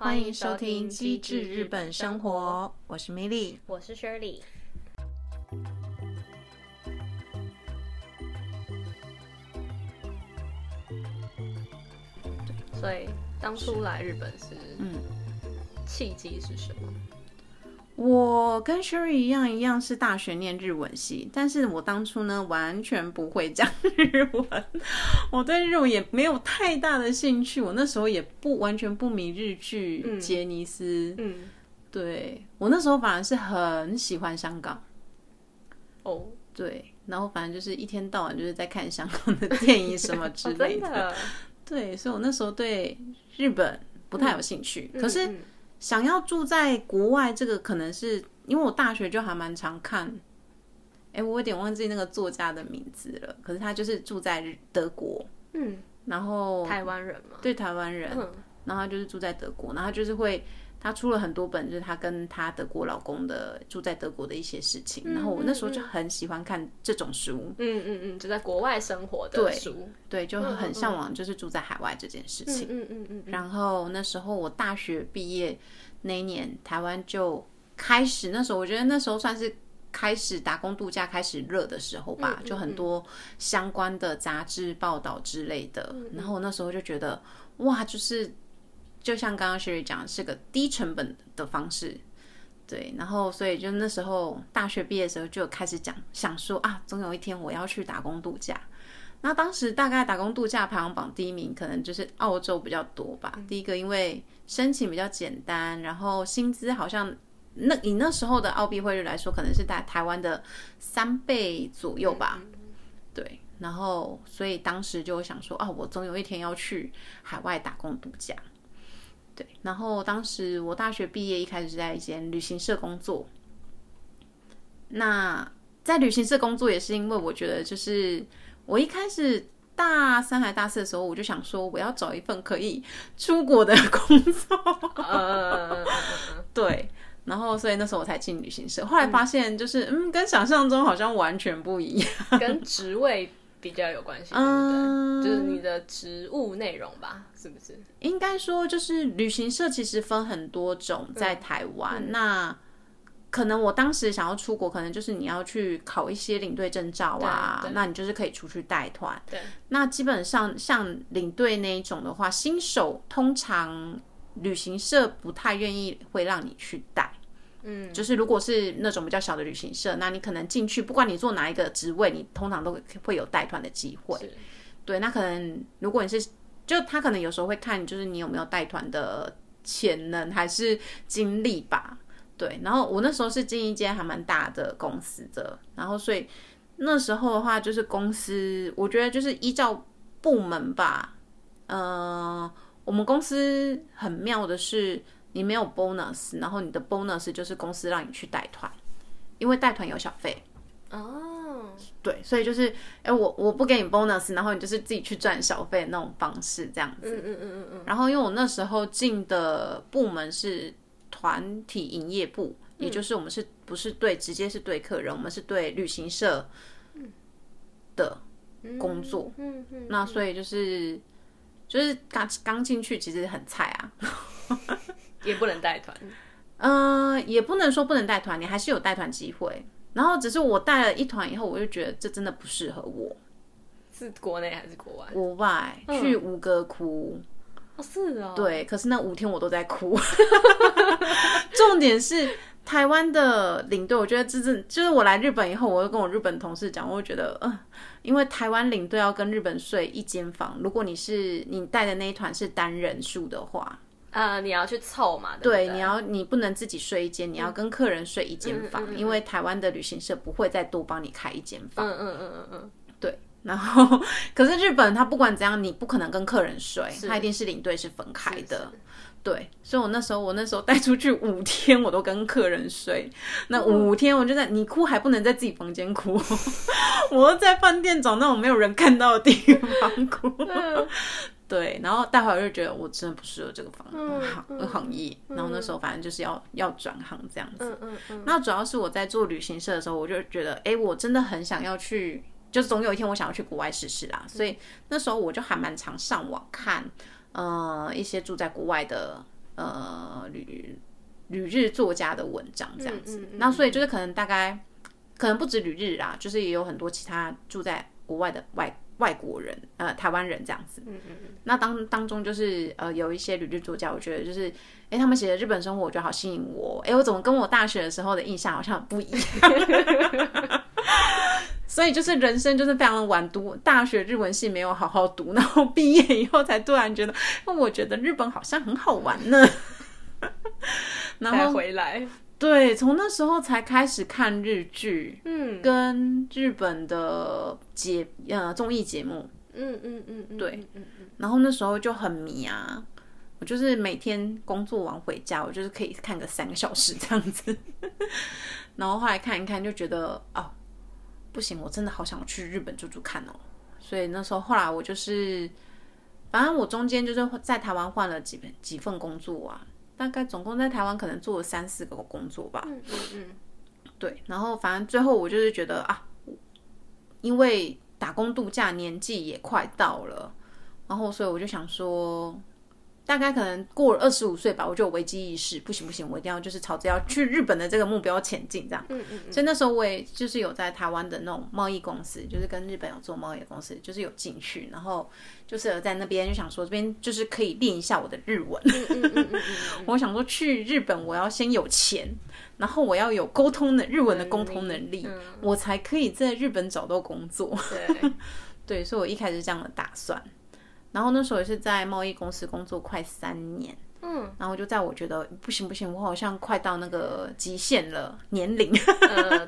歡迎收聽《機智日本生活》，我是 Milly，我是 Shirley。所以當初來日本是，契機是什麼？我跟 Sherry、嗯、一樣，一樣是大學念日文系，但是我當初呢，完全不會講日文，我對日文也沒有太大的興趣，我那時候也不完全不迷日劇，傑尼斯，嗯、對，我那時候反而是很喜歡香港，哦，對，然後反正就是一天到晚就是在看香港的電影什麼之類的，嗯、對，所以我那時候對日本不太有興趣，嗯、可是。嗯想要住在國外，這個可能是因為我大學就還蠻常看，哎、欸，我有點忘記那個作家的名字了。可是他就是住在德國，嗯，然後台灣人嘛，對，台灣人、嗯，然後他就是住在德國，然後他就是會。他出了很多本，就是他跟他德國老公的住在德國的一些事情。嗯嗯嗯，然後我那時候就很喜歡看這種書。嗯嗯嗯，就在國外生活的書，對，對就很向往，就是住在海外這件事情。嗯，嗯嗯嗯。然後那時候我大學畢業那一年，台灣就開始那時候，我覺得那時候算是開始打工度假開始熱的時候吧，嗯嗯嗯，就很多相關的雜誌報道之類的。然後我那時候就覺得哇，就是。就像剛剛雪里講的是個低成本的方式，對。然後，所以就那時候大學畢業的時候，就開始講，想說啊，總有一天我要去打工度假。那當時大概打工度假排行榜第一名，可能就是澳洲比較多吧。嗯、第一個，因為申請比較簡單，然後薪資好像那以那時候的澳幣匯率來說，可能是在台灣的三倍左右吧。對。然後，所以當時就想說啊，我總有一天要去海外打工度假。然後當時我大學畢業一開始是在一間旅行社工作。那在旅行社工作也是因為我覺得，就是我一開始大三還大四的時候，我就想說我要找一份可以出國的工作。呃、 對，然後所以那時候我才進旅行社，後來發現就是嗯，嗯，跟想象中好像完全不一樣，跟職位比較有關係，對、嗯、對？就是你的職務內容吧，是不是？應該說，就是旅行社其實分很多種，在台灣、嗯。那可能我當時想要出國，可能就是你要去考一些領隊證照啊，那你就是可以出去帶團。對。那基本上像領隊那一種的話，新手通常旅行社不太願意會讓你去帶。嗯，就是如果是那種比較小的旅行社，那你可能進去，不管你做哪一個職位，你通常都會有帶團的機會。對，那可能如果你是，就他可能有時候會看，就是你有沒有帶團的潛能還是經歷吧。對，然後我那時候是進一間還蠻大的公司的，然後所以那時候的話，就是公司我覺得就是依照部門吧。嗯、呃，我們公司很妙的是。你沒有 bonus，然後你的 bonus 就是公司讓你去帶團，因為帶團有小費哦。Oh. 對，所以就是，哎、欸，我我不給你 bonus，然後你就是自己去賺小費那種方式，這樣子。嗯嗯嗯嗯。然後因為我那時候進的部門是團體營業部，嗯、也就是我們是不是對直接是對客人，我們是對旅行社的工作。嗯嗯，嗯，嗯。那所以就是就是剛剛進去其實很菜啊。 也不能帶團，嗯、呃，也不能說不能帶團，你還是有帶團機會。然後只是我帶了一團以後，我就覺得這真的不適合我。是國內還是國外？國外去吳哥窟、嗯。哦，是哦。對，可是那五天我都在哭。 重點是台灣的領隊，我覺得這是就是我來日本以後，我就跟我日本同事講，我就覺得，嗯、呃，因為台灣領隊要跟日本睡一間房，如果你是你帶的那一團是單人數的話。呃、uh，你要去湊嘛，對對？對，你要你不能自己睡一間，你要跟客人睡一間房，嗯，因為台灣的旅行社不會再多幫你開一間房。嗯嗯嗯嗯對。然後，可是日本他不管怎樣，你不可能跟客人睡，他一定是領隊是分開的。是是對，所以我那時候我那時候帶出去五天，我都跟客人睡。嗯、那五天，我就在你哭還不能在自己房間哭， 我在飯店找那種沒有人看到的地方哭。 嗯對，然後待會兒就覺得我真的不適合這個方，行行業，然後那時候反正就是要、嗯、要轉行這樣子。嗯，嗯，嗯那主要是我在做旅行社的時候，我就覺得，哎，我真的很想要去，就是總有一天我想要去國外試試啦、嗯。所以那時候我就還蠻常上網看，呃，一些住在國外的呃旅旅日作家的文章這樣子、嗯嗯嗯。那所以就是可能大概，可能不止旅日啦，就是也有很多其他住在國外的外。外國人，呃，台灣人這樣子，嗯嗯嗯，那當當中就是，呃，有一些旅日作家，我覺得就是，哎、欸，他們寫的日本生活，我覺得好吸引我，哎、欸，我怎麼跟我大學的時候的印象好像不一樣？ 所以就是人生就是非常的晚讀，大學日文系沒有好好讀，然後畢業以後才突然覺得，我覺得日本好像很好玩呢，然後回來。對，從那時候才開始看日劇，嗯，跟日本的節、嗯、呃綜藝節目，嗯嗯嗯，對，然後那時候就很迷啊，我就是每天工作完回家，我就是可以看個三個小時這樣子， 然後後來看一看就覺得哦，不行，我真的好想去日本住住看哦，所以那時候後來我就是，反正我中間就是在台灣換了幾幾份工作啊。大概總共在台灣可能做了三四個工作吧。嗯嗯嗯，對，然後反正最後我就是覺得啊，因為打工度假年紀也快到了，然後所以我就想說，大概可能過了二十五歲吧，我就有危機意識，不行不行，我一定要就是朝着要去日本的這個目標前進，這樣。嗯嗯。所以那時候我也就是有在台灣的那種貿易公司，就是跟日本有做貿易公司，就是有進去，然後就是在那邊就想說這邊就是可以練一下我的日文。嗯嗯嗯嗯、 我想說去日本，我要先有錢，然後我要有溝通的日文的溝通能力，能力、嗯，我才可以在日本找到工作。對 對，所以我一開始是這樣的打算。然後那時候也是在貿易公司工作快三年，嗯，然後就在我覺得不行不行，我好像快到那個極限了年齡，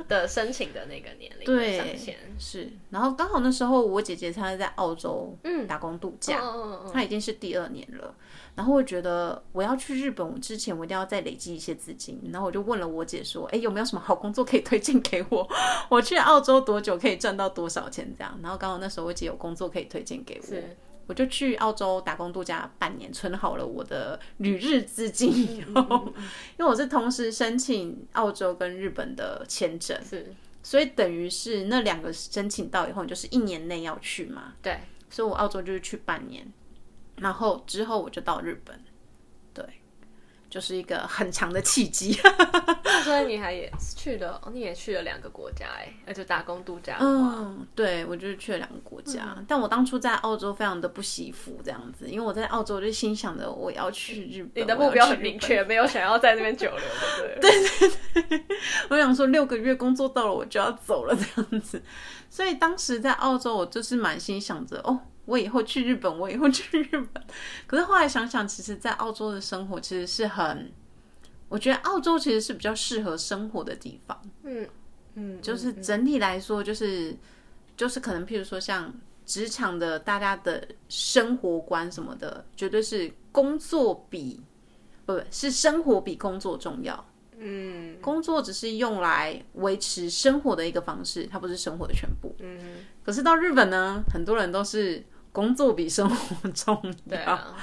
的、 嗯、申請的那個年齡，對、上限，是。然後剛好那時候我姐姐她在澳洲打工度假，嗯、oh, oh, oh. 她已經是第二年了。然後我覺得我要去日本，我之前我一定要再累積一些資金。然後我就問了我姐說，哎，有沒有什麼好工作可以推薦給我？ 我去澳洲多久可以賺到多少錢這樣？然後剛好那時候我姐姐有工作可以推薦給我。我就去澳洲打工度假半年，存好了我的旅日資金以後。因為我是同時申請澳洲跟日本的簽證，是，所以等於是那兩個申請到以後，就是一年內要去嘛。對，所以我澳洲就是去半年，然後之後我就到日本，對，就是一個很強的契機。 那你還也是去的？你也去了兩個國家、欸，哎，那就打工度假。嗯，對，我就是去了兩個國家、嗯。但我當初在澳洲非常的不惜福這樣子，因為我在澳洲就心想着，我要去日本。你的目標很明確，沒有想要在那邊久留的，對， 對對對。我想說，六個月工作到了我就要走了這樣子，所以當時在澳洲，我就是滿心想着，哦，我以後去日本，我以後去日本。可是後來想想，其實，在澳洲的生活其實是很。我覺得澳洲其實是比較適合生活的地方，嗯嗯，嗯，就是整體來說，就是、嗯嗯、就是可能，譬如說像職場的大家的生活觀什麼的，絕對是工作比不，不是生活比工作重要，嗯，工作只是用來維持生活的一個方式，它不是生活的全部。嗯，可是到日本呢，很多人都是工作比生活重要，嗯 對啊，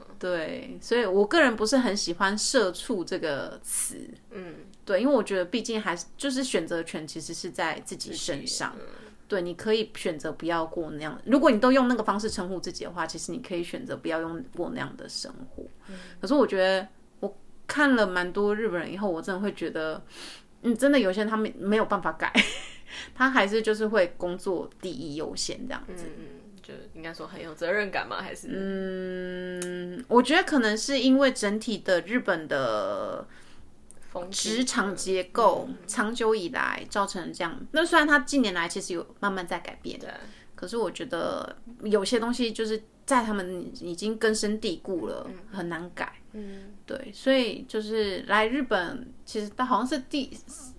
嗯。對，所以我個人不是很喜歡“社畜”這個詞。嗯，對，因為我覺得畢竟還是就是選擇權其實是在自己身上。對，你可以選擇不要過那樣。如果你都用那個方式稱呼自己的話，其實你可以選擇不要用過那樣的生活。嗯，可是我覺得我看了蠻多日本人以後，我真的會覺得，嗯，真的有些人他沒沒有辦法改， 他還是就是會工作第一優先這樣子。嗯。就應該說很有責任感嗎？還是嗯，我覺得可能是因為整體的日本的職場結構長久以來造成這樣。那雖然他近年來其實有慢慢在改變，對，可是我覺得有些東西就是在他們已經根深蒂固了，很難改。嗯，對，所以就是來日本，其實到好像是第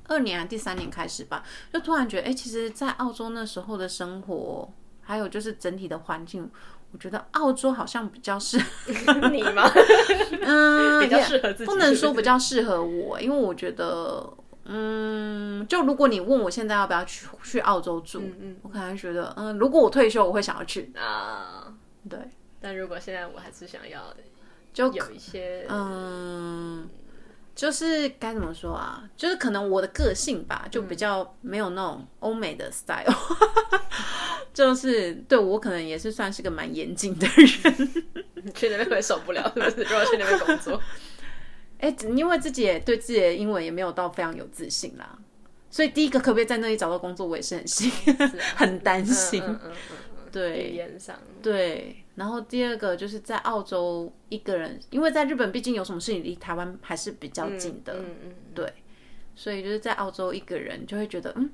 二年還是第三年開始吧，就突然覺得哎、欸，其實，在澳洲那時候的生活。還有就是整體的環境，我覺得澳洲好像比較適合 你嗎？ 嗯， 比較適合自己是不是？不能說比較適合我，因為我覺得，嗯，就如果你問我現在要不要去去澳洲住，嗯嗯我可能覺得，嗯，如果我退休，我會想要去啊，對。但如果現在我還是想要，就有一些，嗯。就是該怎麼說啊？就是可能我的個性吧，就比較沒有那種歐美的 style，、嗯、 就是對我可能也是算是個蠻嚴謹的人。 去那邊根本受不了，是不是？ 如果去那邊工作、 欸，因為自己也對自己的英文也沒有到非常有自信啦，所以第一個可不可以在那裡找到工作，我也是很心、嗯是啊、 很擔心。嗯嗯嗯嗯對，對，對，對，對，然後第二個就是在澳洲一個人，因為在日本畢竟有什麼事，你離台灣還是比較近的，嗯、對、嗯，所以就是在澳洲一個人就會覺得，嗯，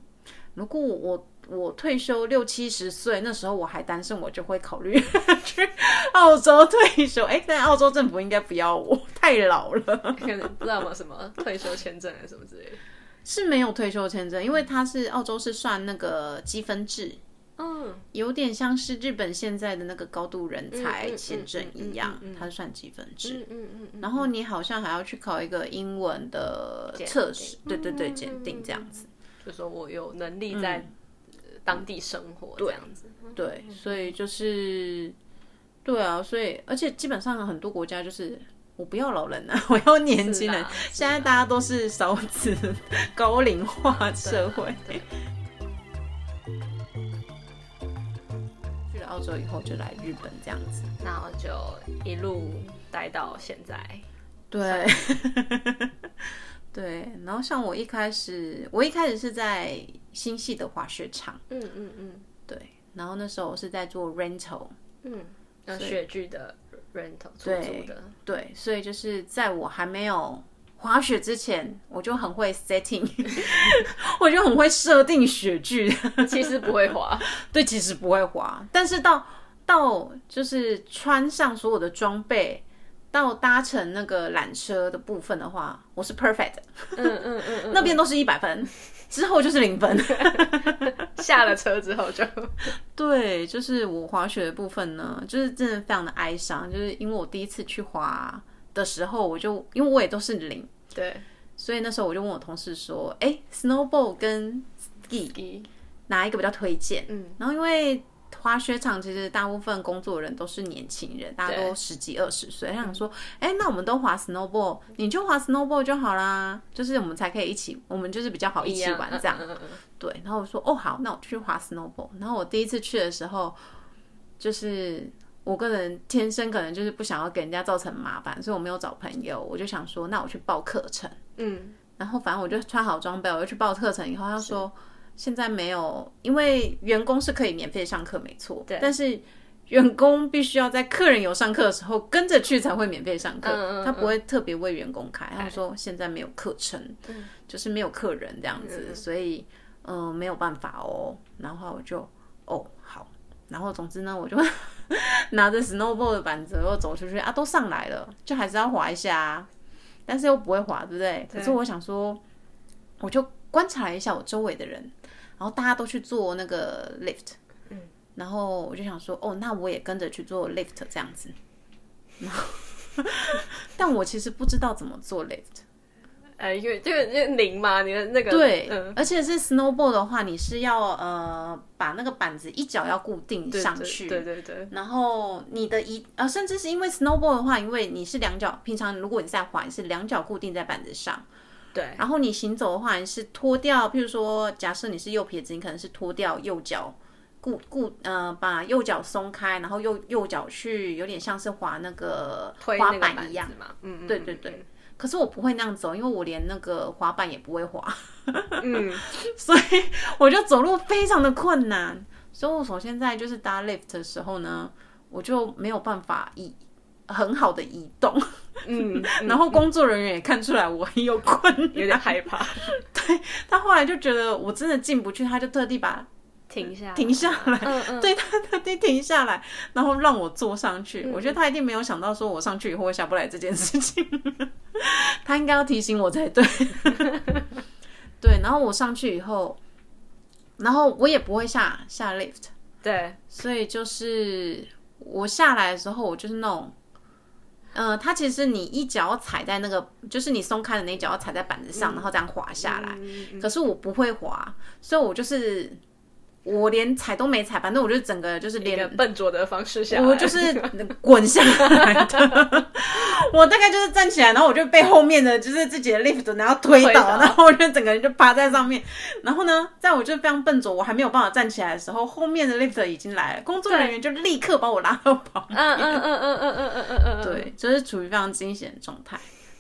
如果我我退休六七十歲，那時候我還單身，我就會考慮去 澳洲退休。哎，但澳洲政府應該不要我太老了，可能不知道嗎 什麼退休簽證啊什麼之類的，是沒有退休簽證，因為他是澳洲是算那個積分制。嗯，有點像是日本現在的那個高度人才簽證一樣，嗯嗯嗯嗯嗯嗯嗯嗯、它是算積分制、嗯嗯嗯。然後你好像還要去考一個英文的測試，對對對，檢定這樣子。嗯、就說、是、我有能力在當地生活這樣子。嗯、對，對、嗯，所以就是，對啊，所以而且基本上很多國家就是，我不要老人啊，我要年輕人。現在大家都是少子高齡化社會。澳洲以後就來日本這樣子，然後就一路待到現在。嗯、對， 對。然後像我一開始，我一開始是在新潟的滑雪場。嗯嗯嗯。對，然後那時候我是在做 rental，嗯，雪具的 rental，的對的，對。所以就是在我還沒有。滑雪之前我就很會 setting， 我就很會設定雪具。其實不會滑， 對，其實不會滑。但是到到就是穿上所有的裝備，到搭乘那個纜車的部分的話，我是 perfect 的。嗯嗯嗯，嗯， 那邊都是一百分，之後就是零分。 下了車之後就， 對，就是我滑雪的部分呢，就是真的非常的哀傷，就是因為我第一次去滑的時候，我就因為我也都是零。對，所以那時候我就問我同事說：“哎、欸、s n o w b a l l 跟 ski, ski 哪一個比較推薦？”嗯，然後因為滑雪場其實大部分工作人都是年輕人，大家都十幾二十歲。他想說：“哎、欸，那我們都滑 s n o w b a l l，你就滑 s n o w b a l l 就好啦，就是我們才可以一起，我們就是比較好一起玩這樣。Yeah. ”對。然後我說：“哦，好，那我就去滑 s n o w b a l l，然後我第一次去的時候，就是。我個人天生可能就是不想要給人家造成麻煩，所以我沒有找朋友，我就想說，那我去報課程。嗯，然後反正我就穿好裝備，我要去報課程。以後他說，現在沒有，因為員工是可以免費上課，沒錯。對。但是員工必須要在客人有上課的時候跟着去才會免費上課、嗯嗯嗯嗯嗯，他不會特別為員工開。他們說現在沒有課程、嗯，就是沒有客人這樣子，嗯、所以嗯、呃、沒有辦法哦。然後我就哦。然後，總之呢，我就拿着 snowboard 的板子，然後走出去啊，都上來了，就還是要滑一下啊，但是又不會滑，對不對？對。可是我想說，我就觀察了一下我周圍的人，然後大家都去做那個 lift，嗯，然後我就想說，哦，那我也跟着去做 lift 這樣子，然後但我其實不知道怎麼做 lift。哎，因為就是零嘛，你的那個對、嗯，而且是 snowboard 的話，你是要呃把那個板子一腳要固定上去，對對對，對，然後你的一呃，甚至是因為 snowboard 的話，因為你是兩腳，平常如果你在滑，你是兩腳固定在板子上，對，然後你行走的話，你是脫掉，譬如說，假設你是右撇子，你可能是脫掉右腳固固呃把右腳鬆開，然後右右腳去有點像是滑那個，那個板滑板一樣，嗯、嗯、嗯、嗯、嗯，對對對。可是我不會那樣走，因為我連那個滑板也不會滑，嗯， 所以我就走路非常的困難。所以我首先在就是搭 lift 的時候呢，我就沒有辦法以很好的移動，嗯， 然後工作人員也看出來我很有困難，有點害怕。 對，他後來就覺得我真的進不去，他就特地把停下，停下來，嗯嗯、對，他他得停下來，然後讓我坐上去。嗯、我覺得他一定沒有想到，說我上去以後會下不來這件事情。嗯、 他應該要提醒我才對。 對，然後我上去以後，然後我也不會下下 lift。對，所以就是我下來的時候，我就是那種，嗯、呃，他其實你一腳踩在那個，就是你鬆開的那一腳要踩在板子上，嗯，然後這樣滑下來，嗯嗯嗯。可是我不會滑，所以我就是。我連踩都沒踩，反正我就整個就是連笨拙的方式下來，我就是滾下來的。 我大概就是站起來，然後我就被後面的就是自己的 lift 然後推倒，推倒然後我就整個人就趴在上面。然後呢，在我就非常笨拙，我還沒有辦法站起來的時候，後面的 lift 已經來了，工作人員就立刻把我拉到旁邊。嗯嗯嗯嗯嗯嗯嗯嗯嗯。對，就是處於非常驚險的狀態。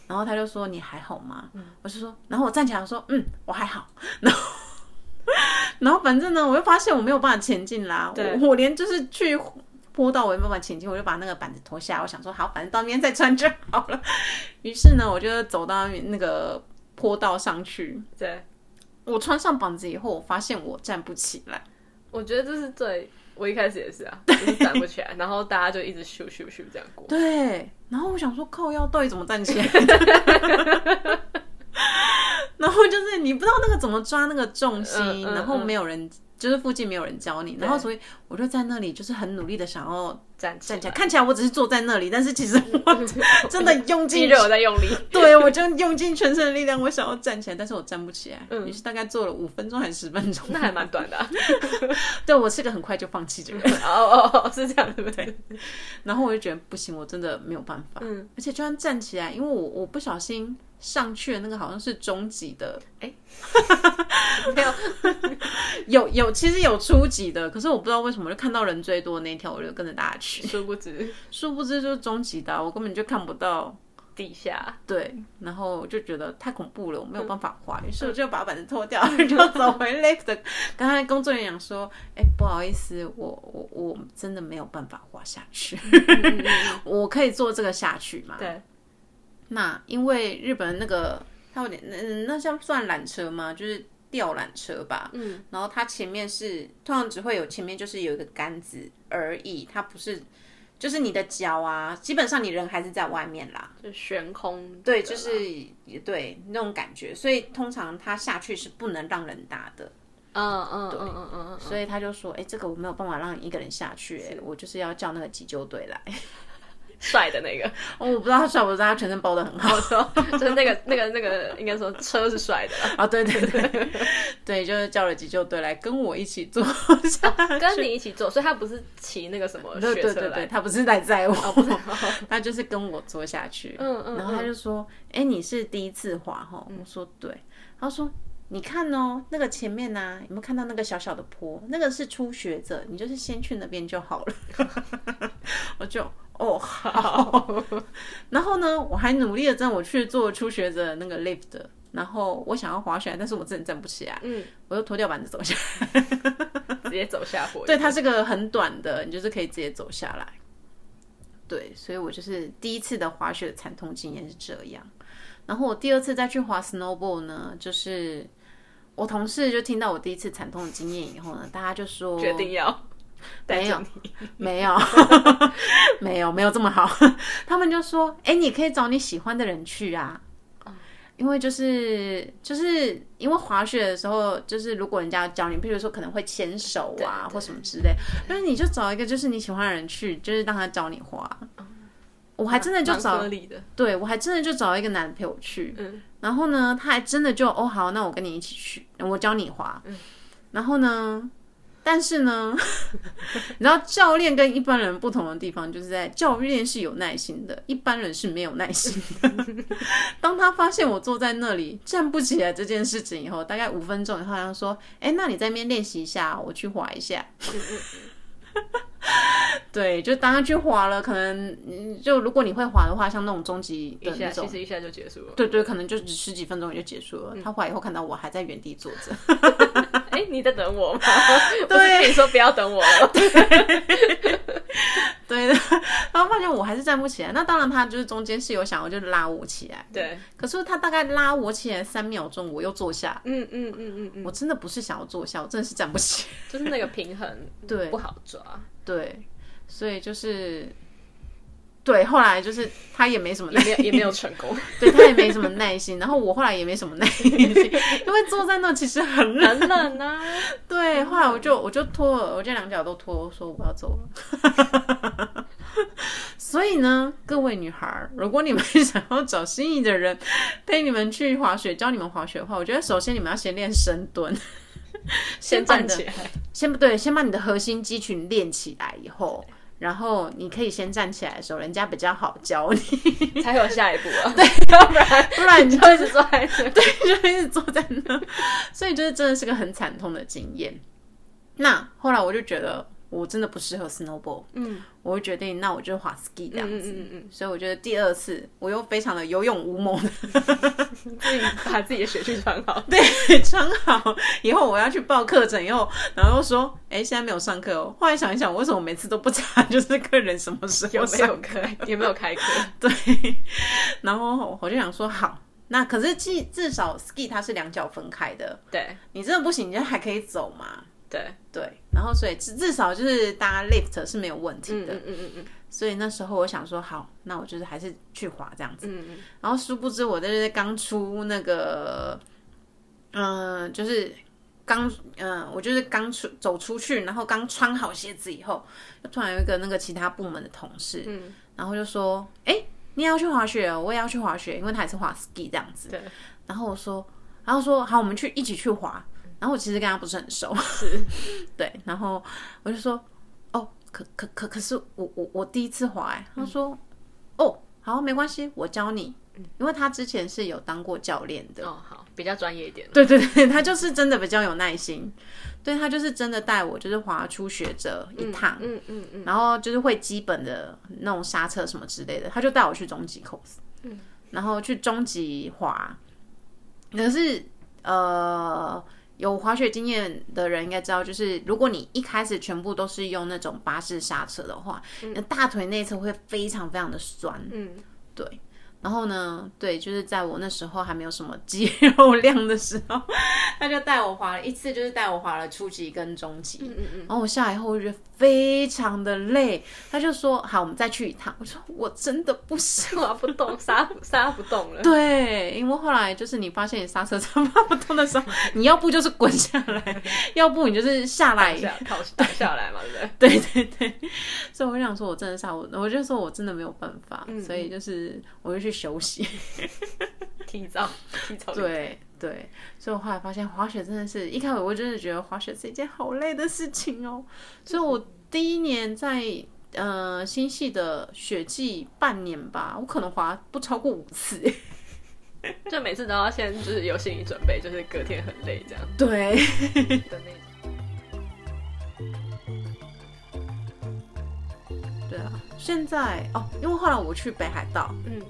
然後他就說：“你還好嗎？”嗯，我就說。然後我站起來說：“嗯，我還好。”然後。然後反正呢，我就發現我沒有辦法前進啦。我，我連就是去坡道，我也沒辦法前進，我就把那個板子脫下來。我想說，好，反正到明天再穿就好了。於是呢，我就走到那個坡道上去。對，我穿上板子以後，我發現我站不起來。我覺得這是最我一開始也是啊，就是站不起來。然後大家就一直咻咻咻這樣過。對，然後我想說，靠腰，到底怎麼站起來？ 然後就是你不知道那個怎麼抓那個重心，嗯嗯、然後沒有人、嗯，就是附近沒有人教你，然後所以我就在那裡就是很努力的想要站起站起來，看起來我只是坐在那裡，但是其實我真的用盡我在用力，對我就用盡全身的力量，我想要站起來、嗯，但是我站不起來，於、嗯、是大概坐了五分鐘還是十分鐘，那還蠻短的、啊， 對我是個很快就放棄的人，哦哦哦，是這樣對不對、嗯，然後我就覺得不行，我真的沒有辦法，嗯、而且就算站起來，因為我我不小心。上去的那個好像是中級的，哎、欸， 沒有， 有有，其實有初級的，可是我不知道為什麼就看到人最多的那條，我就跟着大家去。殊不知，殊不知就是中級的、啊，我根本就看不到底下。對，然後就覺得太恐怖了，我沒有辦法滑，於、嗯、是我就把板子脫掉，就、嗯、 走回 lift。剛才工作人員說：“哎、欸，不好意思，我我我真的沒有辦法滑下去，嗯、 我可以坐這個下去嗎？”對。那因為日本那個，它有點，那、嗯、那像算纜車嗎？就是吊纜車吧。嗯。然後它前面是通常只會有前面就是有一個桿子而已，它不是，就是你的腳啊，基本上你人還是在外面啦。就懸空。對，就是也對那種感覺，所以通常它下去是不能讓人搭的。嗯嗯，嗯嗯嗯，嗯。所以他就說，哎、欸，這個我沒有辦法讓你一個人下去、欸，哎，我就是要叫那個急救隊來。帥的那個，哦，我不知道他帥，我不知道他全身包的很好，就是那個、那個、那個，應該說車是帥的啊、 哦，對對對對，就是叫了急救隊來跟我一起坐下、哦，跟你一起坐，所以他不是騎那個什麼雪車來，對，對對對，他不是在載我、哦不是哦，他就是跟我坐下去，嗯嗯，然後他就說，哎、欸，你是第一次滑哈、哦，我說對，嗯、他說。你看哦，那個前面呢、啊，有沒有看到那個小小的坡？那個是初學者，你就是先去那邊就好了。 我就哦好，好，然後呢，我還努力的站，我去做初學者那個 lift，然後我想要滑雪，但是我真的站不起來、啊，嗯，我又脫掉板子走下來， 直接走下坡。對，它是個很短的，你就是可以直接走下來。對，所以我就是第一次的滑雪的慘痛經驗是這樣。然後我第二次再去滑 snowboard 呢，就是。我同事就聽到我第一次慘痛經驗以後呢，大家就說決定要帶着你，沒有沒有 沒有沒有這麼好，他們就說，哎、欸，你可以找你喜歡的人去啊，因為就是就是因為滑雪的時候，就是如果人家教你，比如說可能會牽手啊或什麼之類，但是你就找一個就是你喜歡的人去，就是讓他教你滑。啊、我還真的就找，對我還真的就找一個男的陪我去，嗯。然後呢，他還真的就，哦好，那我跟你一起去，我教你滑。嗯、然後呢，但是呢， 你知道教練跟一般人不同的地方，就是在教練是有耐心的，一般人是沒有耐心的。 當他發現我坐在那裡站不起來這件事情以後，大概五分鐘以後，他就說：“哎、欸，那你在那邊練習一下，我去滑一下。”嗯、嗯 對，就當他去滑了，可能就如果你會滑的話，像那種終極的那種一下，其實一下就結束了。對對、對，可能就只十幾分鐘就結束了、嗯。他滑以後看到我還在原地坐着，哎、嗯 欸，你在等我嗎？ 我對你說不要等我了。對的，然 後發現我還是站不起來。那當然，他就是中間是有想要就拉我起來，對。可是他大概拉我起來三秒鐘，我又坐下。嗯嗯嗯嗯，我真的不是想要坐下，我真的是站不起就是那個平衡對不好抓。 對，所以就是，對，後來就是他也沒什麼耐心，也沒也沒有成功，對，他也沒什麼耐心， 然後我後來也沒什麼耐心， 因為坐在那其實很冷冷啊。對，嗯、後來我就我就脫我這兩腳都脫，說我不要走了。 所以呢，各位女孩，如果你們想要找心儀的人陪你們去滑雪，教你們滑雪的話，我覺得首先你們要先練深蹲。先，先站起來，先不對，先把你的核心肌群練起來以後，然後你可以先站起來的時候，人家比較好教你，才有下一步啊。 對，要不然不然你就， 就一直坐在那， 對，就一直坐在那。所以就是真的是個很慘痛的經驗。那後來我就覺得。我真的不適合 snowboard 嗯，我會決定，那我就滑 ski 這樣子，嗯嗯嗯、所以我覺得第二次我又非常的有勇無謀的， 自己把自己的雪具穿好，對，穿好，以後我要去報課程，以後，然後又說，哎、欸，現在沒有上課哦、喔，後來想一想，我為什麼每次都不查就是個人什麼時候有沒有課，有沒有開課，對，然後我就想說，好，那可是至至少 ski 它是兩腳分開的，對你真的不行，你就還可以走嘛。對對，然後所以至至少就是搭 lift 是沒有問題的。嗯嗯嗯，所以那時候我想說，好，那我就是還是去滑這樣子。嗯嗯。然後殊不知我就是剛出那個，嗯、呃，就是剛嗯、呃，我就是剛出走出去，然後剛穿好鞋子以後，就突然有一個那個其他部門的同事，嗯，然後就說，哎，你要去滑雪？哦，我也要去滑雪，因為他也是滑 ski 這樣子。對。然後我說，然後說好，我們去一起去滑。然、啊、後我其實跟他不是很熟， 對，然後我就說，哦，可可可可是我我我第一次滑，哎、嗯，他說，哦，好，沒關係，我教你、嗯，因為他之前是有當過教練的，哦，好，比較專業一點，對對對，他就是真的比較有耐心，對他就是真的帶我就是滑初學者一趟，嗯嗯嗯，嗯，然後就是會基本的那種剎車什麼之類的，他就帶我去中級 course，嗯，然後去中級滑，可是、嗯、呃。有滑雪經驗的人應該知道，就是如果你一開始全部都是用那種八字煞車的話，嗯、那大腿內側會非常非常的酸。嗯，對。然後呢，對，就是在我那時候還沒有什麼肌肉量的時候，嗯、他就帶我滑了一次，就是帶我滑了初級跟中級。嗯嗯嗯。然後我下來以後，我覺得非常的累。他就說：“好，我們再去一趟。”我說：“我真的不滑不動，剎剎不動了。”對，因為後來就是你發現你剎車剎不動的時候，你要不就是滾下來，嗯、要不你就是下來。滾下，下來嘛對對。對對對。所以我就想說，我真的剎我，我就說我真的沒有辦法。嗯、所以就是我就去。休 息，提早，提早。對對，所以我後來發現滑雪真的是一開始我真的覺得滑雪是一件好累的事情哦，所以我第一年在呃新潟的雪季半年吧，我可能滑不超過五次，就每次都要先就是有心理準備，就是隔天很累這樣。對的那種。 對啊，現在哦，因為後來我去北海道，嗯。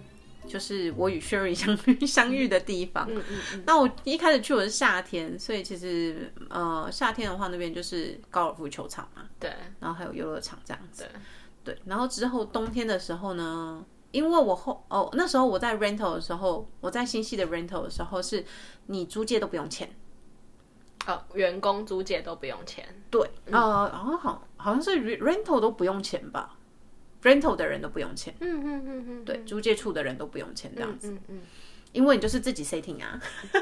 就是我與 Sherry 相、嗯、相遇的地方。那、嗯嗯嗯、我一開始去我是夏天，所以其實呃夏天的話，那邊就是高爾夫球場嘛。對。然後還有遊樂場這樣子。對。對。然後之後冬天的時候呢，因為我後哦那時候我在 Rental 的時候，我在新系的 Rental 的時候是，你租借都不用錢。哦、呃，員工租借都不用錢。對。嗯、呃，好好，好，好像是 Rental 都不用錢吧。Rental 的人都不用錢，嗯嗯嗯嗯，對，租借處的人都不用錢這樣子，嗯嗯嗯，因為你就是自己 setting 啊，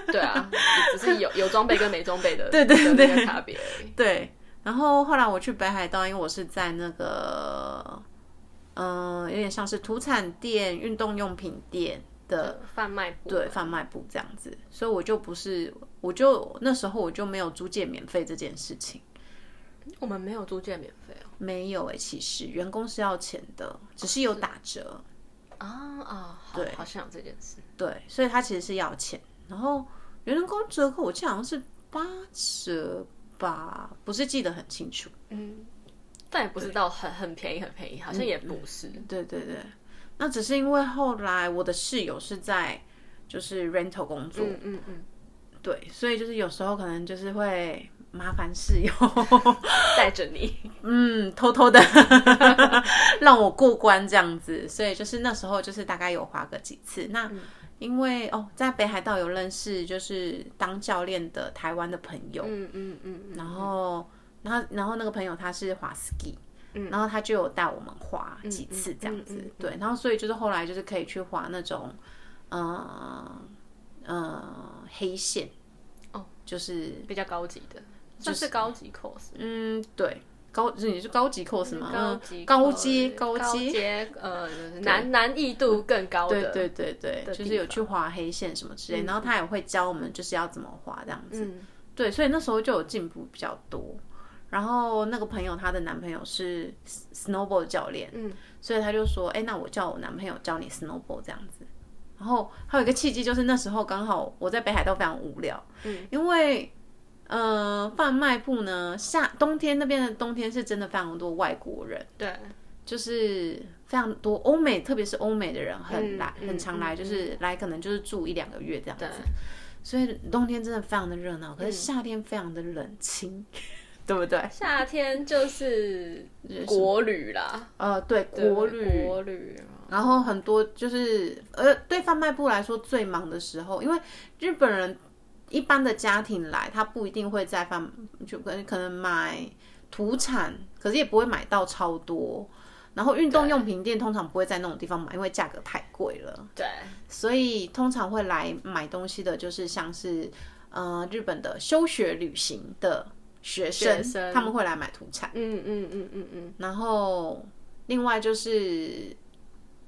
對啊， 你只是有有裝備跟沒裝備的， 對對對，個差別。對，然後後來我去北海道，因為我是在那個，嗯、呃，有點像是土產店、運動用品店的販、嗯、賣部、啊，對，販賣部這樣子，所以我就不是，我就那時候我就沒有租借免費這件事情。我們沒有租借免費哦，沒有哎、欸，其實員工是要錢的，只是有打折啊啊、哦，對，哦哦、好，好像有這件事，對，所以他其實是要錢，然後員工折扣我記得好像是八折吧，不是記得很清楚，嗯，但也不知道很很便宜很便宜，好像也不是、嗯嗯，對對對，那只是因為後來我的室友是在就是 rental 工作，嗯嗯嗯，對，所以就是有時候可能就是會。麻煩室友帶着你，嗯，偷偷的 讓我過關這樣子，所以就是那時候就是大概有滑個幾次。那因為、嗯、哦，在北海道有認識就是當教練的台灣的朋友，嗯嗯嗯，嗯，然後、嗯、然後然後那個朋友他是滑 ski，嗯，然後他就有帶我們滑幾次這樣子，嗯嗯嗯嗯、對，然後所以就是後來就是可以去滑那種，呃呃黑線，哦，就是比較高級的。就是、是高級 course，嗯，對，高，是你是高級 course 嗎？高，高級，高階，高階，呃，就是、難難易度更高對對對，對就是有去划黑線什麼之類，嗯、然後他也會教我們，就是要怎麼划這樣子，嗯、對，所以那時候就有進步比較多，然後那個朋友她的男朋友是 snowboard 教練，嗯，所以他就說，哎、欸，那我叫我男朋友教你 snowboard 這樣子，然後還有一個契機就是那時候剛好我在北海道非常無聊，嗯，因為。嗯、呃，販賣部呢？夏、冬天那邊的冬天是真的非常多外國人，對，就是非常多歐美，特別是歐美的人，很來，嗯、很常來，就是、嗯、來可能就是住一兩個月這樣子，所以冬天真的非常的熱鬧，可是夏天非常的冷清，嗯、 對不對？夏天就是國旅啦，就是、呃對，對，國旅，國旅，然後很多就是，呃，對販賣部來說最忙的時候，因為日本人。一般的家庭來，他不一定會在放，就可能可能買土產，可是也不會買到超多。然後運動用品店通常不會在那種地方買，因為價格太貴了。對，所以通常會來買東西的就是像是呃日本的修學旅行的學生，學生他們會來買土產。嗯嗯嗯嗯嗯。然後另外就是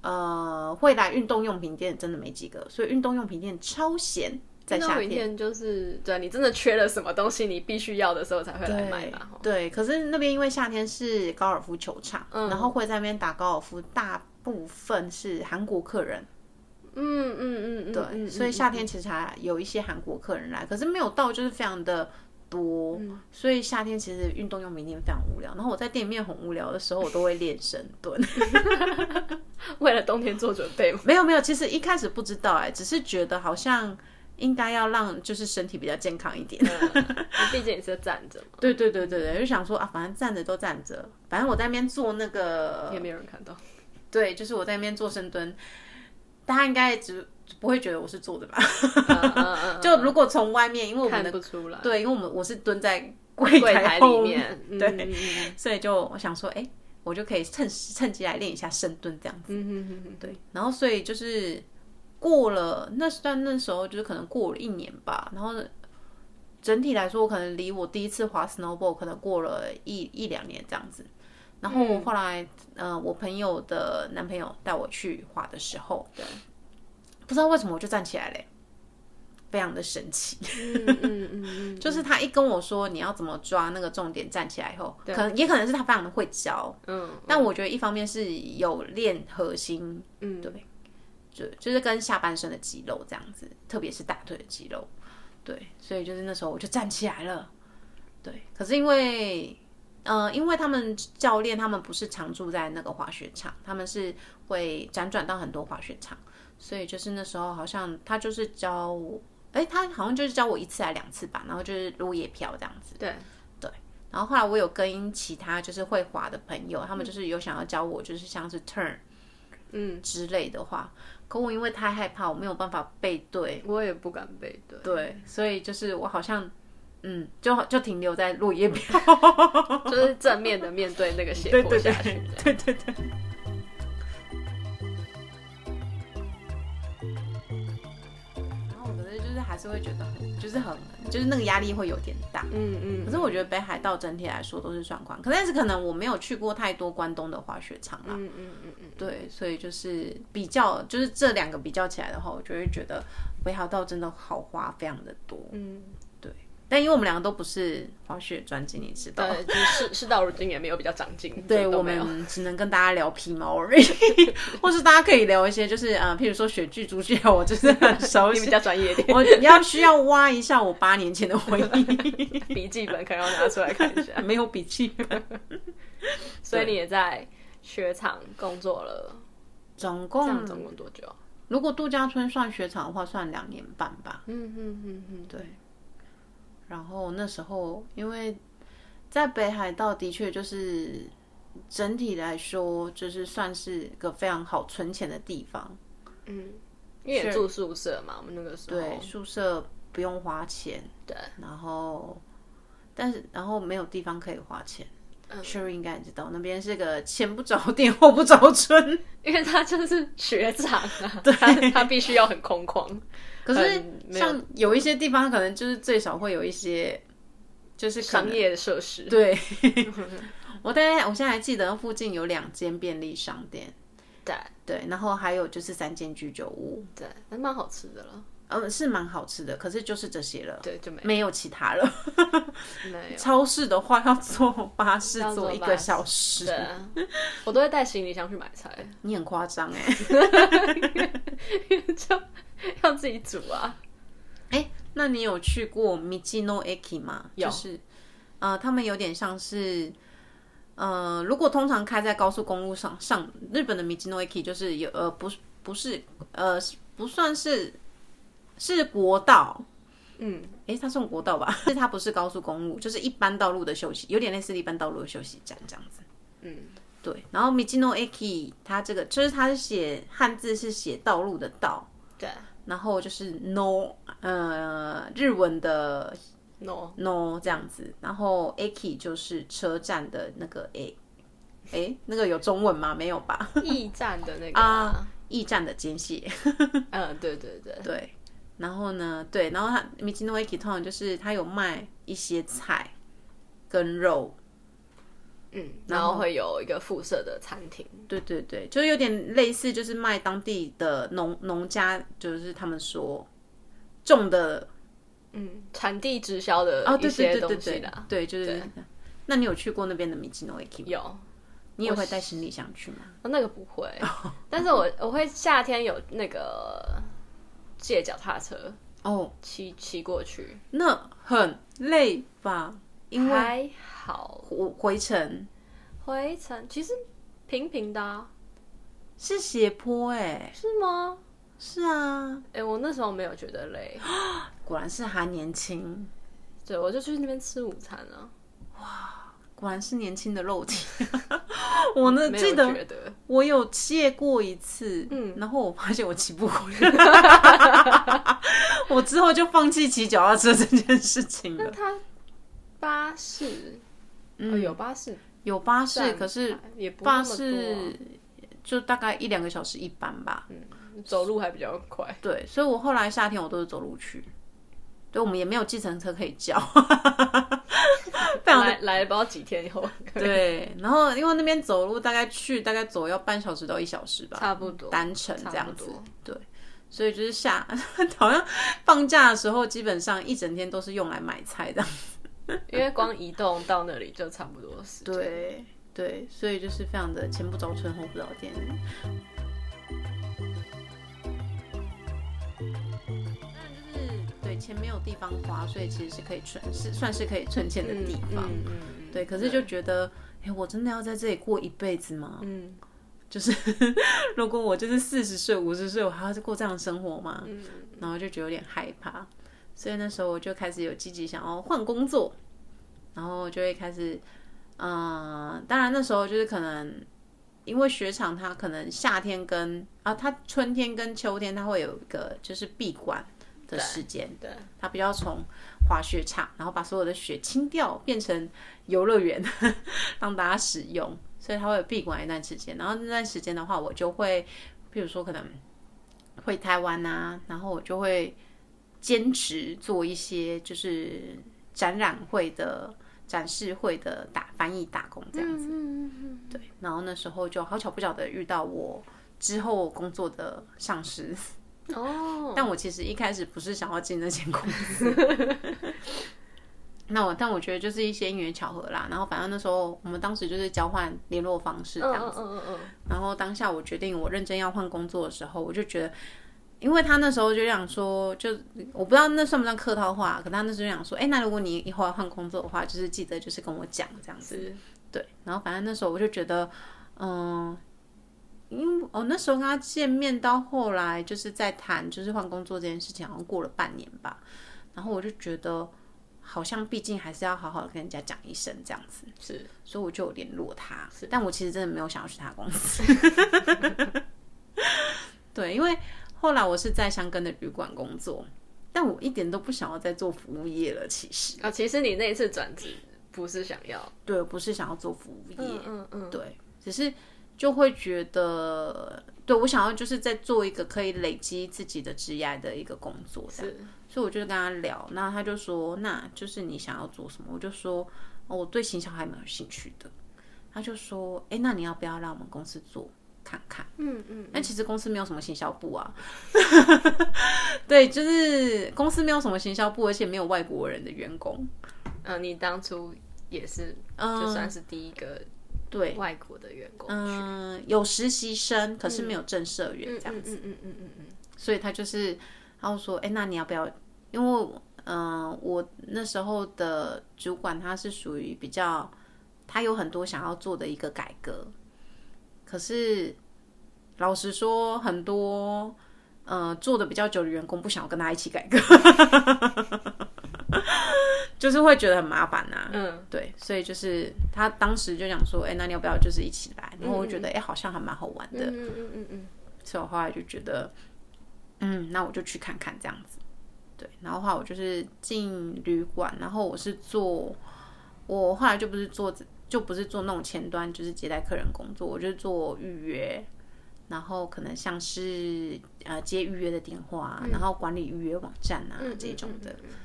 呃會來運動用品店真的沒幾個，所以運動用品店超閒。在夏天，天就是，對，你真的缺了什麼東西，你必須要的時候才會來買吧？對，對可是那邊因為夏天是高爾夫球場，嗯，然後會在那邊打高爾夫，大部分是韓國客人。嗯嗯嗯嗯，對嗯嗯，所以夏天其實還有一些韓國客人來，可是沒有到就是非常的多。嗯、所以夏天其實運動用明天非常無聊。然後我在店裡面很無聊的時候，我都會練深蹲， 為了冬天做準備嗎？沒有沒有，其實一開始不知道哎、欸，只是覺得好像。應該要讓就是身體比較健康一點、嗯，畢竟也是站着嘛。 對對對對對，就想說啊，反正站着都站着，反正我在那邊做那個也沒有人看到。對，就是我在那邊做深蹲，大家應該只不會覺得我是坐的吧？嗯嗯嗯、就如果從外面，因為我們不出來，對，因為我們我是蹲在櫃台，台裡面、嗯，對，所以就我想說，哎、欸，我就可以趁趁機來練一下深蹲這樣子。嗯嗯嗯嗯，對。然後所以就是。過了那算那時候，就是可能過了一年吧。然後整體來說，我可能離我第一次滑 snowboard 可能過了一一兩年這樣子。然後後來，嗯，呃、我朋友的男朋友帶我去滑的時候對，不知道為什麼我就站起來嘞、欸，非常的神奇。嗯嗯嗯 就是他一跟我說你要怎麼抓那個重點站起來以後，對，可能也可能是他非常的會教。嗯，嗯但我覺得一方面是有練核心。嗯，對。就就是跟下半身的肌肉這樣子，特別是大腿的肌肉，對，所以就是那時候我就站起來了，對。可是因為，呃，因為他們教練他們不是常住在那個滑雪場，他們是會輾轉到很多滑雪場，所以就是那時候好像他就是教我，哎，他好像就是教我一次還兩次吧，然後就是落葉飄這樣子，對對。然後後來我有跟其他就是會滑的朋友，他們就是有想要教我，就是像是 turn。嗯，之類的話，可我因為太害怕，我沒有辦法背對，我也不敢背對，對，所以就是我好像，嗯，就就停留在落葉邊， 就是正面的面對那個斜坡下去 對對對，對對對。就 會覺得很，就是很，就是那個壓力會有點大，嗯嗯，嗯。可是我覺得北海道整體來說都是算寬，可但是可能我沒有去過太多關東的滑雪場啦，嗯嗯嗯嗯。對，所以就是比較，就是這兩個比較起來的話，我就會覺得北海道真的好花，非常的多，嗯。但因為我們兩個都不是滑雪專精，你知道？對，就是事，事到如今也沒有比較長進， 對我們只能跟大家聊皮毛而已。或是大家可以聊一些，就是、呃、譬如說雪具、租具，我就是很熟悉， 你比較專業一點。我你要需要挖一下我八年前的回憶，筆 記本可能要拿出來看一下。 沒有筆記本。 所以你也在雪場工作了，總共總共多久？如果度假村算雪場的話，算兩年半吧。嗯嗯嗯嗯，對。然後那時候，因為在北海道的確就是整體來說，就是算是個非常好存錢的地方。嗯，因為也住宿舍嘛，我們那個時候對宿舍不用花錢。對，然後但是然後沒有地方可以花錢。嗯、sure，應該也知道那邊是個前不着店後不着村， 因為他就是雪場啊，對，他，他必須要很空曠。可是，像有一些地方，可能就是最少會有一些就、嗯，就是商業設施。對，我大概我現在還記得附近有兩間便利商店，對，對，對，然後還有就是三間居酒屋，對，還蠻好吃的了。嗯、呃，是蠻好吃的，可是就是這些了，對，就沒有沒有其他了。 沒有超市的話，要坐巴士坐一個小時、啊，我都會帶行李箱去買菜。 你很誇張哎，哈哈哈要自己煮啊、欸。哎，那你有去過米 i n o a k i 嗎？就是，呃，他們有點像是，呃，如果通常開在高速公路上，上日本的米津 noeki 就是有，呃，不，不是，呃，不算是。是國道，嗯，哎、欸，它是國道吧？它不是高速公路，就是一般道路的休息，有點類似一般道路的休息站這樣子。嗯，對。然後 Michino eki，它這個就是它是寫漢字是寫道路的道，對。然後就是 no，呃，日文的 no no 這樣子。No、然後 eki 就是車站的那個 A。哎、欸，那個有中文嗎？沒有吧？驛 站的那個啊，驛、啊、站的間隙。嗯，對對對對。然後呢？對，然後他道の駅通常就是他有賣一些菜跟肉，嗯，然後，然後會有一個附設的餐廳。對對對，就有點類似，就是賣當地的農農家，就是他們說種的，嗯，產地直銷的一些東西的，哦。對，就是對。那你有去過那邊的道の駅嗎？有。你也會帶行李箱去嗎？那個不會，哦，但是我我會夏天有那個。 借腳踏車哦，騎、oh, 騎過去，那很累吧？應該好，回程，回程其實平平的、啊，是斜坡哎、欸，是嗎？是啊，哎、欸，我那時候沒有覺得累，果然是還年輕，對，我就去那邊吃午餐了、啊，哇。還是年輕的肉體， 我呢、嗯、得記得我有借過一次，嗯，然後我發現我騎不回， 我之後就放棄騎腳踏車這件事情了。那他巴士，嗯，有巴士，有巴士，嗯、巴士可是也巴士也不，啊、就大概一兩個小時一班吧，嗯，走路還比較快，對，所以我後來夏天我都是走路去。對，我們也沒有計程車可以叫，非常 來來了不知道幾天以後可以。對，然後因為那邊走路大概去大概走要半小時到一小時吧，差不多單程這樣子。對，所以就是下好像放假的時候，基本上一整天都是用來買菜的，因為光移動到那裡就差不多時間。對對，所以就是非常的前不着村後不着店。錢沒有地方花，所以其實是可以存，是算是可以存錢的地方。嗯嗯嗯、對，可是就覺得，哎、欸，我真的要在這裡過一輩子嗎？嗯，就是呵呵如果我就是四十歲、五十歲，我還要過這樣的生活嗎？嗯，然後就覺得有點害怕，所以那時候我就開始有積極想要換工作，然後就會開始，嗯、呃，當然那時候就是可能因為雪場它可能夏天跟啊，它春天跟秋天它會有一個就是閉館，的時間，對，他比較從滑雪場，然後把所有的雪清掉，變成遊樂園，呵呵讓大家使用，所以他會閉館一段時間。然後那段時間的話，我就會，比如說可能回台灣啊，然後我就會兼職做一些就是展覽會的展示會的打翻譯打工這樣子，對。然後那時候就好巧不巧的遇到我之後工作的上司。哦、oh.，但我其實一開始不是想要進那間公司， 那我但我覺得就是一些因緣巧合啦。然後反正那時候我們當時就是交換聯絡方式這樣子，oh, oh, oh, oh. 然後當下我決定我認真要換工作的時候，我就覺得，因為他那時候就想說，就我不知道那算不算客套話，可他那時候就想說，哎、欸，那如果你以後要換工作的話，就是記得就是跟我講這樣子，對。然後反正那時候我就覺得，嗯、呃。因為我那時候跟他見面，到後來就是在談，就是換工作這件事情，好像過了半年吧。然後我就覺得，好像畢竟還是要好好的跟人家講一聲這樣子，是，所以我就有聯絡他。但我其實真的沒有想要去他公司。 對，因為後來我是在香根的旅館工作，但我一點都不想要再做服務業了。其實啊、哦，其實你那一次轉職不是想要，對，不是想要做服務業，嗯嗯，嗯，對，只是。就會覺得，對，我想要就是在做一個可以累積自己的職業的一個工作這樣，是。所以我就跟他聊，然後他就說，那就是你想要做什麼？我就說，哦、我對行銷還蠻有興趣的。他就說，哎、欸，那你要不要讓我們公司做看看？嗯嗯。但其實公司沒有什麼行銷部啊。 對，就是公司沒有什麼行銷部，而且沒有外國人的員工。嗯、啊，你當初也是，就算是第一個、嗯。對外國的員工，嗯、呃，有實習生，可是沒有正社員、嗯、這樣子，嗯嗯嗯嗯，嗯所以他就是，他說，哎、欸，那你要不要？因為，嗯、呃，我那時候的主管他是屬於比較，他有很多想要做的一個改革，可是老實說，很多，呃，做的比較久的員工不想要跟他一起改革。 就是會覺得很麻煩吶、啊，嗯，對，所以就是他當時就想說，哎、欸，那你要不要就是一起來？然後我覺得，哎、嗯欸，好像還蠻好玩的，嗯嗯嗯嗯所以我後來就覺得，嗯，那我就去看看這樣子。對，然後話我就是進旅館，然後我是做，我後來就不是做，就不是做那種前端，就是接待客人工作，我就是做預約，然後可能像是呃接預約的電話，嗯、然後管理預約網站啊、嗯、這種的。嗯嗯嗯嗯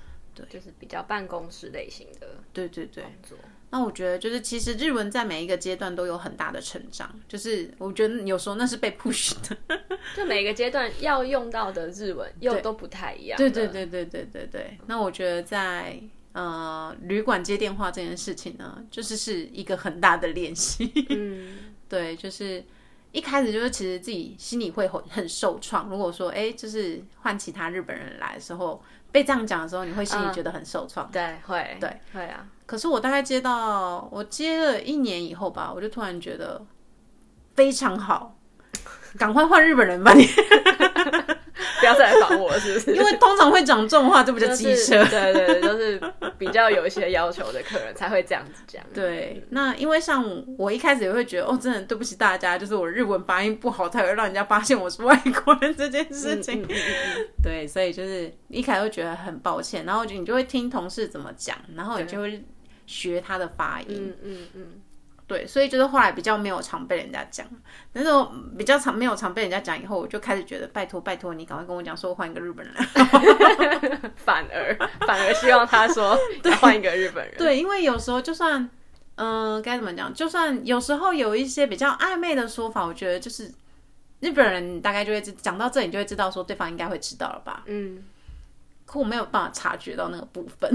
就是比較辦公室類型的工作。對對對。工作。那我覺得就是，其實日文在每一個階段都有很大的成長。就是我覺得有時候那是被 push 的。就每一個階段要用到的日文又， 又都不太一樣。對對對對對對對。那我覺得在呃旅館接電話這件事情呢，就是是一個很大的練習、 嗯。對，就是一開始就是其實自己心裡會很很受創。如果說哎、欸，就是換其他日本人來的時候。被這樣講的時候，你會心裡覺得很受創。嗯，對，會，對，會啊。可是我大概接到我接了一年以後吧，我就突然覺得非常好，趕快換日本人吧你。 要再來煩我，是不是？因為通常會講這種話就不就機車，對對、對，都、就是比較有一些要求的客人才會這樣子講。 對，那因為像我一開始也會覺得，哦，真的對不起大家，就是我日文發音不好，才會讓人家發現我是外國人這件事情。嗯嗯嗯嗯、對，所以就是一開始會覺得很抱歉，然後就你就會聽同事怎麼講，然後你就會學他的發音。嗯嗯嗯。嗯嗯對，所以就是後來比較沒有常被人家講，那時候比較常沒有常被人家講，以後我就開始覺得拜託拜託你趕快跟我講說我， 說 換一個日本人，反而反而希望他說換一個日本人。對，因為有時候就算嗯、呃、該怎麼講，就算有時候有一些比較曖昧的說法，我覺得就是日本人大概就會講到這裡就會知道說對方應該會知道了吧？嗯，可我沒有辦法察覺到那個部分。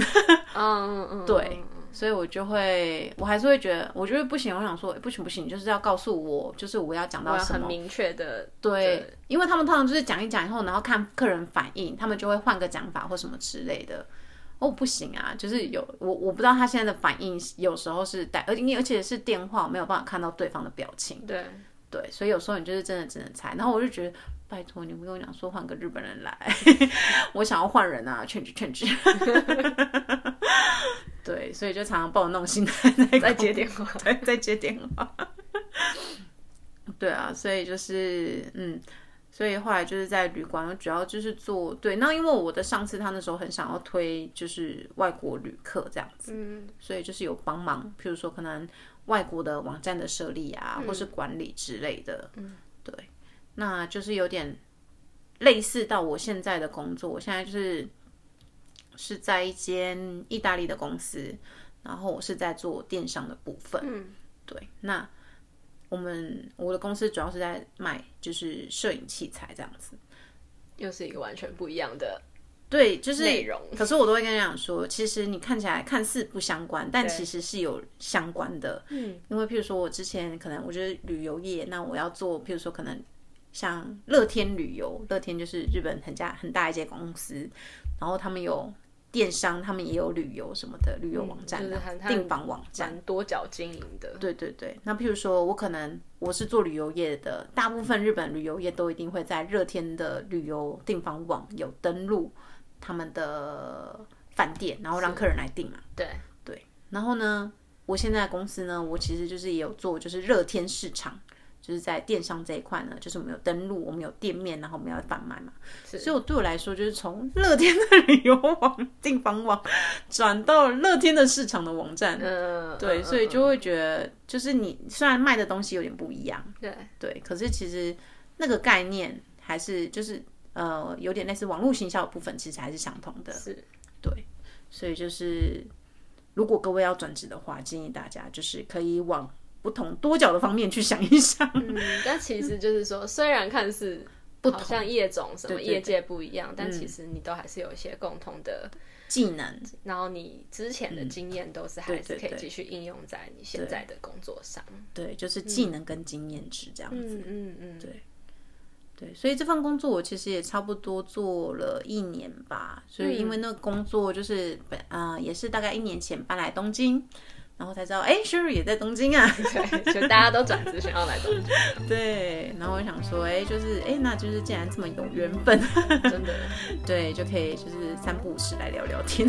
嗯嗯嗯， 對。所以我就會，我還是會覺得，我覺得不行。我想說，不行不行，不行你就是要告訴我，就是我要講到什麼要很明確的對，對。因為他們通常就是講一講以後，然後看客人反應，他們就會換個講法或什麼之類的。哦，不行啊，就是有我，我不知道他現在的反應，有時候是帶而且而且是電話，沒有辦法看到對方的表情。對對，所以有時候你就是真的只能猜。然後我就覺得。拜託，你不用想講說換個日本人來， 我想要換人啊 ，change change。 對，所以就常常抱著那種心態 電。 在接電話，再接電話。對啊，所以就是嗯，所以後來就是在旅館，主要就是做，對。那因為我的上次他那時候很想要推就是外國旅客這樣子，嗯、所以就是有幫忙，譬如說可能外國的網站的設立啊、嗯，或是管理之類的，嗯，對。那就是有點類似到我現在的工作，我現在就是是在一間意大利的公司，然後我是在做電商的部分。嗯，對。那我們我的公司主要是在賣就是攝影器材這樣子，又是一個完全不一樣的。對，就是內容。可是我都會跟你講說，其實你看起來看似不相關，但其實是有相關的。嗯，因為譬如說我之前可能我覺得旅遊業，那我要做譬如說可能。像樂天旅遊，樂天就是日本很家很大一間公司，然後他們有電商，他們也有旅遊什麼的、嗯、旅遊網站，訂、就是、房網站，蠻多角經營的。對對對，那譬如說，我可能我是做旅遊業的，大部分日本旅遊業都一定會在樂天的旅遊訂房網有登錄他們的飯店，然後讓客人來訂嘛。對對，然後呢，我現在公司呢，我其實就是也有做，就是樂天市場。就是在電商這一塊呢，就是我們有登錄，我們有店面，然後我們要販賣嘛，所以我對我來說，就是從樂天的旅遊網、訂房網轉到樂天的市場的網站，呃、對、呃，所以就會覺得，就是你雖然賣的東西有點不一樣，對對，可是其實那個概念還是就是呃有點類似網絡行銷的部分，其實還是相同的，是，對，所以就是如果各位要轉職的話，建議大家就是可以往。不同多角的方面去想一想。嗯，但其實就是說，雖然看似不同，像業種什麼、業界不一樣，不對對對、嗯，但其實你都還是有一些共同的技能，然後你之前的經驗都是還是可以繼續應用在你現在的工作上。嗯、對，對，對，對，對，就是技能跟經驗值這樣子。嗯、就是、子，嗯，嗯，嗯，對對，所以這份工作我其實也差不多做了一年吧，所以因為那個工作就是本啊、嗯呃，也是大概一年前搬來東京。然後才知道，哎、欸、，Sherry 也在東京啊，對，就大家都轉職想要來東京。 對，然後我想說，哎、欸，就是，哎、欸，那就是既然這麼有緣分，真的， 對，就可以就是三不五時來聊聊天。